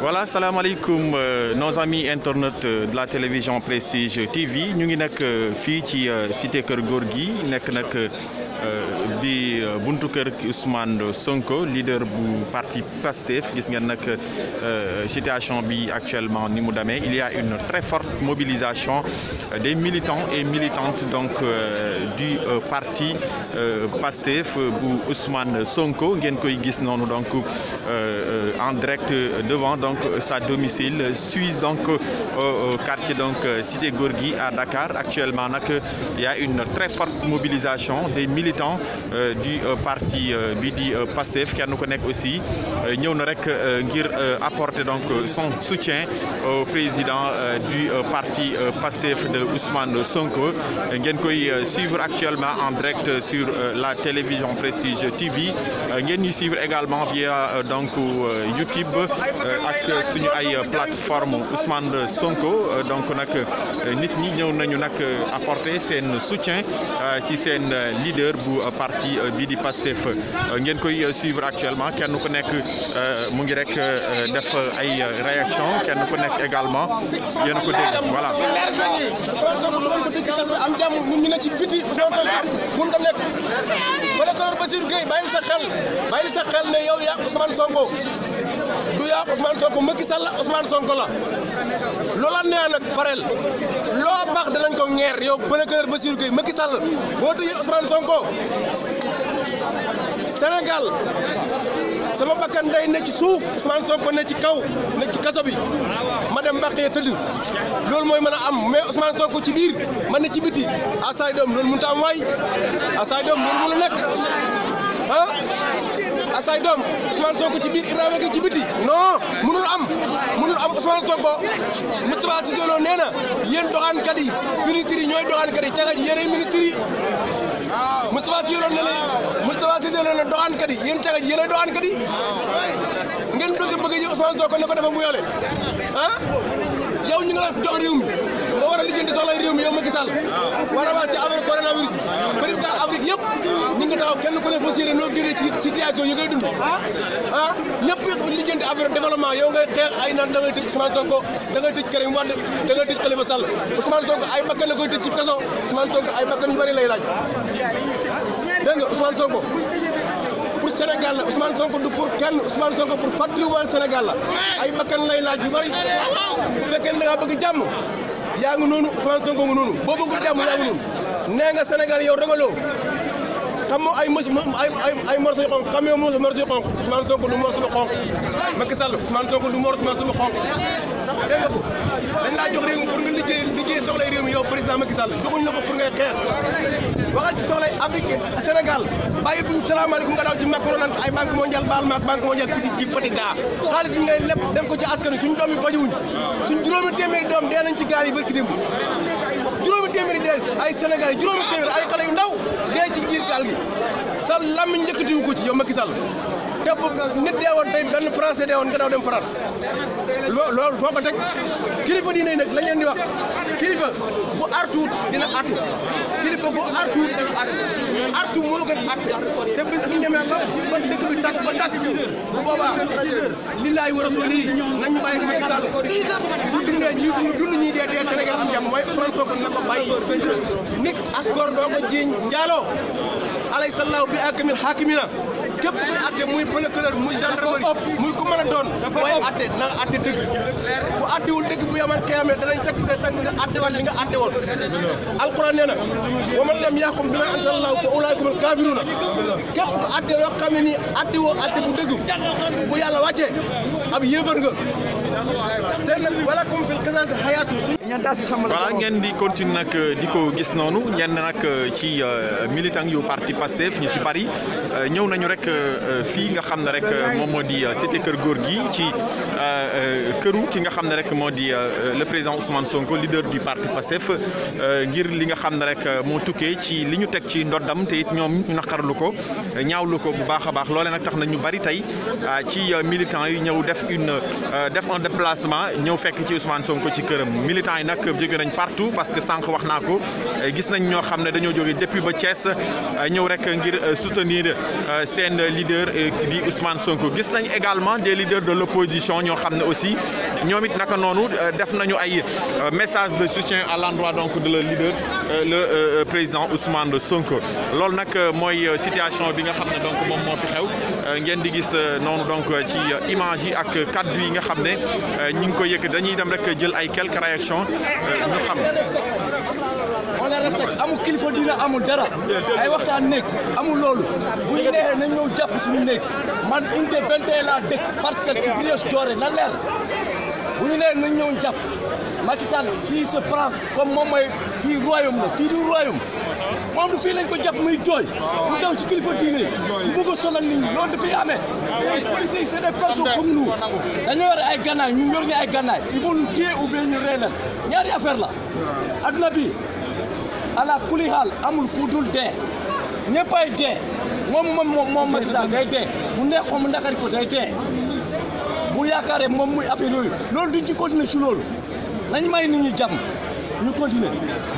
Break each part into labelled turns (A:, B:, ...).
A: voilà salam alaykoum euh, nos amis internautes euh, de la télévision Prestige TV Nous sommes ici qui cité de Gorgui de euh, buntu Ousmane Sonko leader du parti Passif. qui ngeen nak euh, situation bi actuellement ni mu il y a une très forte mobilisation des militants et militantes donc du parti passif bu Ousmane Sonko ngeen koy donc en direct devant donc sa domicile Suisse donc au quartier donc Cité Gorgui à Dakar actuellement il y a une très forte mobilisation des militants euh, du euh, parti Bidi Passif qui nous connaît aussi Nous avons apporté donc euh, son soutien au président du parti Passif de Ousmane Sonko Nous koy suivre actuellement en direct sur la télévision Prestige TV Nous avons suivre également via donc YouTube avec la plateforme Ousmane Sonko donc avons apporté ñi apporter soutien ci son leader bu parti qui euh, bii di feu. Euh, suivre actuellement qui nous connaît que rek euh, réaction qui également voilà.
B: senegal sama bakkan day ne ci suuf Ousmane Sonko ne ci kaw ne ci kaso bi ma dem mbàqee tëdd loolu mooy mën a am mais Ousmane ko ci biir man ne ci biti asaay doom loolu mënut a am waay asaay doom loolu mënul nekk ah asaay doom Ousmane Sonko ci biir Ibrahima Gueye ci biti non mënul am mënul am Ousmane Sonko Moustapha Cissé Lo nee na yéen doxaankat yi ministres yi ñooy doxaankat yi cànga ji yéenay ministres Moustapha Cissé yoroon na la Moustapha Cissé yoroon na doxaankat yi yéen cagat yéen ay doxaankat yi ngeen doog a bëgg a ji Ousmane ne ko dafa mu yoole ah yow ñu ngi la jox réew moo war a lijjanti soxlay réew mi yow Macky Sall war a wax affaire coronavirus bi président Afrique yëpp ñu ngi taxaw kenn ku ne fas yéene noo génnee ci situation yi ngay dund ah ñëpp lijjanti affaire développement yow ngay xeex ay naan da ngay tëj Ousmane Sonko da ngay tëj Karim Wade da ngay tëj Khalifa Sall Ousmane Sonko ay bakkan la koy tëj ci kaso Ousmane Sonko ay bakkan yu bëri lay laaj dégg nga Ousmane Sonko pour Sénégal la Ousmane Sonko du pour kenn Ousmane Sonko pour patrimoine Sénégal la ay bakkan lay laaj yu bëri bu fekkee ne da ngaa bëgg jàmm yaa ngi noonu Ousmane Sonko ngi noonu boo bëggul jàmm yaa ngi noonu nee nga Sénégal yow ragaloo xam nga ay mos ay ay ay morso yu xonq xam nga mos morso yu xonq Ousmane Sonko du morso bu xonq Macky Sall Ousmane Sonko du ko dañ laa jox réew mi pour nga liggéey liggéey soxla réew mi yow président Macky Sall joxuñ la ko pour ngay xeex ci toolay Afrique Sénégal bàyyi buñ salaamaaleykum nga daw ci Macron naan ay banque mondiale baal ma ak banque mondiale petit ji petit gaa xaalis bi ngay lépp def ko ci askan wi suñu doom yi fajuwuñ suñ juróomi téeméeri doom dee nañ ci gaal yi barki démb juróomi téeméeri dees ay Sénégal yi juróomi téeméeri ay xale yu ndaw dee ci biir gaal gi sa làmmiñ yëkkatiwu ko ci yow Macky Sall te bu nit dee woon tey benn français dem France loolu foo teg kilifa diine nag la di wax kilifa bu artuut dina artu kilifa bu artuut dina artu artu moo gën artu te bis bu ñu demee ba ba dëkk bi tàkk ba tàkk bu boobaa lillaay wa rasuuli nañu bàyyi may sàll bu dund ñi dee dee Sénégal am jàmm mooy Ousmane Sonko na ko bàyyi nit asgor doo ko jiiñ njaaloo alay sallahu bi akamil hakimina képp kuy atte muy pëlëkëlër muy gendarmerie muy ku mën a doon booy atte na nga atte dëgg ku attewul dëgg bu yamal xeyamee danañ takk say tànk nga atte wal li nga atte woon alquran nee na wa man lam yahkum bima anzalallahu fa ulaa'ika humul kaafiruuna képp ku atte yoo xam nii atte woo atte bu dëgg bu yàlla wàccee ab yéefar nga te nag walakum fil qisaas hayaatun
A: voilà ngeen di continuer nak euh, di ko gis noonu ñenn nak euh, ci euh, militant yu parti passef ñu ci bari ñew nañu rek fi nga xamne rek moom modi di cité kër góor gi ci keuru ki nga xamne rek moo di le président Ousmane Sonko leader du parti passef ngir li nga xamne rek mo tuké ci liñu tek ci ndodam te ñom ñu naqarlu ko ñaawlu ko bu baax a baax loole nag tax na ñu bari tay ci militant yu ñew def une def un déplacement ñew fekk ci Ousmane Sonko ci këram militant yi nag nañ partout parce que sank waxna ko gis nañ ño xam dañu joggé depuis ba Thiès ñëw rek ngir euh, soutenir euh, seen leader euh, di Ousmane Sonko gis nañ également des leaders de l'opposition ño xam aussi ñomit naka nonu def nañu ay message de soutien à l'endroit donc de le leader le président Ousmane Sonko lool nak moy situation bi nga xam donc mom moo fi xew. Euh, ngeen di gis euh, noonu donc euh, ci image yi ak kaddu yi nga xam ne ñi ngi koy yëkk dañuy dem rek jël ay quelques réactions ñu xam. on les amul kilifa dina amul dara ay waxtaan
C: néeg amul loolu bu ñu neexee nañ ñëw jàpp suñu néeg man unité 21 laa dëkk parcelle ci Brioche Dorée na leer bu ñu neexee nañ ñëw jàpp Macky Sall s'il prend comme moom mooy fii royaume la fii du royaume. moom du fii lañ ko jàpp muy jooy mu daw ci kilifa diine yi bëgg a sonal nit ñi loolu dafay amee policiers yi c'est des personnes comme nous dañoo war ay gannaay ñun yor ñu ay gannaay il faut ñu téye ou bien ñu rey leen ñaari affaire la adduna bi ala kuli xaal amul dul dee ñëpp ay dee moom moom moom Macky Sall day dee mu neex ko mu naqari ko day dee bu yaakaaree moom muy affaire yooyu loolu duñ ci continuer ci loolu nañ may nit ñi jàmm ñu continuer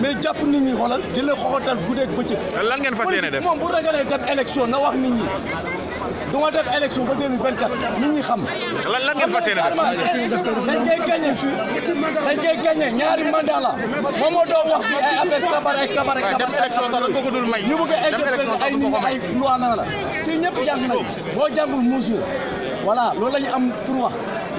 C: mais jàpp nit ñi xoolal di leen xoxotal guddeeg bëccëg. lan ngeen fas yéene moom bu ragalee dem élection na wax nit ñi. du ma def élection ba 2024 nit ñi xam. lan lan ngeen fas yéene def
B: dañ koy ñaari mandat la moom moo doon wax fii ay affaire kabar ay kabar ay kabar. def élection sax ko dul may. ñu bëgg a interpréter
C: ay nit ñi ay loi la fii ñëpp jàng nañ boo jàngul mesure voilà loolu la ñu am pour wax.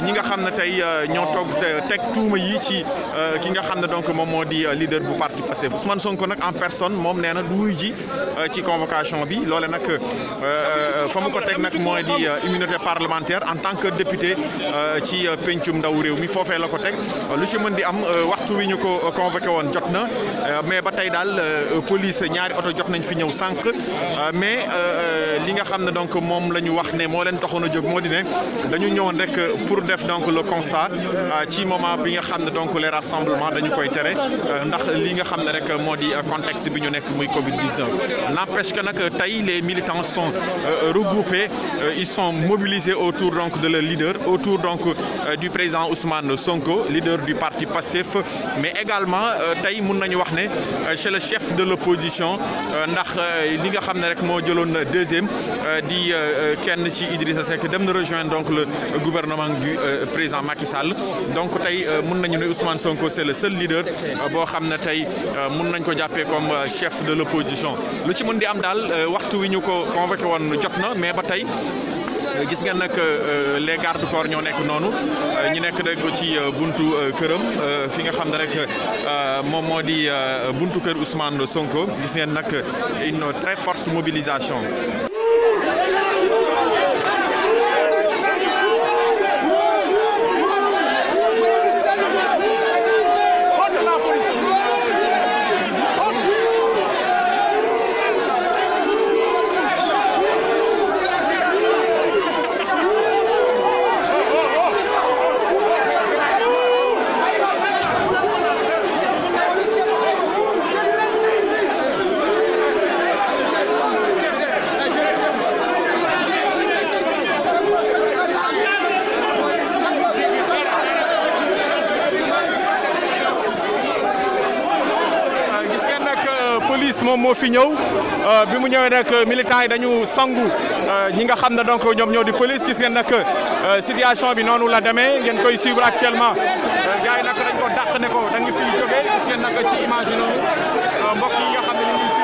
A: ñi nga xam ne tey euh, ñoo toog teg tuuma yi ci euh, ki nga xam ne donc moom moo di euh, leader bu parti passé. Ousmane Sonko nag en personne moom nee na du ji ci convocation bi loole nag fa mu ko teg nag mooy di immunité parlementaire en tant que député ci pencum ndaw réew mi foofee la ko teg lu ci mën di am waxtu wi ñu ko convoqué woon jot na mais ba tey daal police ñaari oto jot nañ fi ñëw sànq mais li nga xam ne donc moom la ñu wax ne moo leen taxoon a jóg moo di ne dañu ñëwoon rek pour def donc le constat euh, ci moment bi nga donc les rassemblements dañ koy téré euh, ndax li nga xamne rek modi contexte bi ñu nek muy Covid 19. n'empêche que nak les militants sont euh, regroupés ils sont mobilisés autour donc de leur leader autour donc du président Ousmane Sonko leader du parti Passif, mais également tay mun wax chez le chef de l'opposition ndax li nga xamne rek mo deuxième di kenn ci Idrissa Seck dem rejoindre donc le gouvernement du euh, président Macky Sall donc tay euh, mën nañu ne Ousmane Sonko c'est le seul leader euh, bo xam tay mën nañ ko jappé comme chef de l'opposition lu ci mën di am dal waxtu wi ñu ko convoqué won jotna mais ba tay gis ngeen nak les gardes corps ñoo nek noonu ñi nek rek ci buntu kërëm fi nga xam ne rek mom modi buntu kër Ousmane Sonko gis ngeen nak une très forte mobilisation. moom moo fi ñëw euh, bi mu ñëwee nag militants yi dañu sangu euh, ñi nga xam ne donc ñoom ñoo di police gis ngeen nag euh, situation bi noonu la demee ngeen koy suivre actuellement gars yi nag dañ ko dàq ne ko dañu fi jógee gis ngeen nag ci image noonu mbokk yi nga
B: xam ne ñu